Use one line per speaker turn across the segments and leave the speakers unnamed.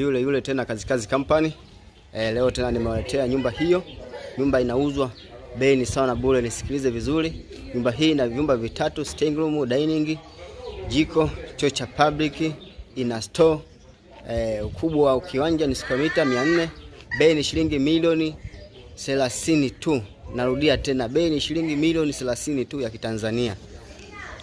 yule yule tena Kazikazi Company. E, leo tena nimewaletea nyumba hiyo. Nyumba inauzwa bei ni sawa na bure, nisikilize vizuri. Nyumba hii ina vyumba vitatu, sitting room, dining, jiko, choo cha public, ina store. E, ukubwa wa kiwanja ni square mita 400. Bei ni shilingi milioni 30 tu. Narudia tena bei ni shilingi milioni 30 tu ya Kitanzania.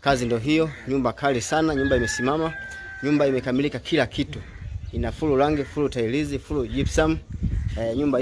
Kazi ndo hiyo, nyumba kali sana, nyumba imesimama, nyumba imekamilika kila kitu, ina full rangi, full tailizi, full gypsum, E, nyumba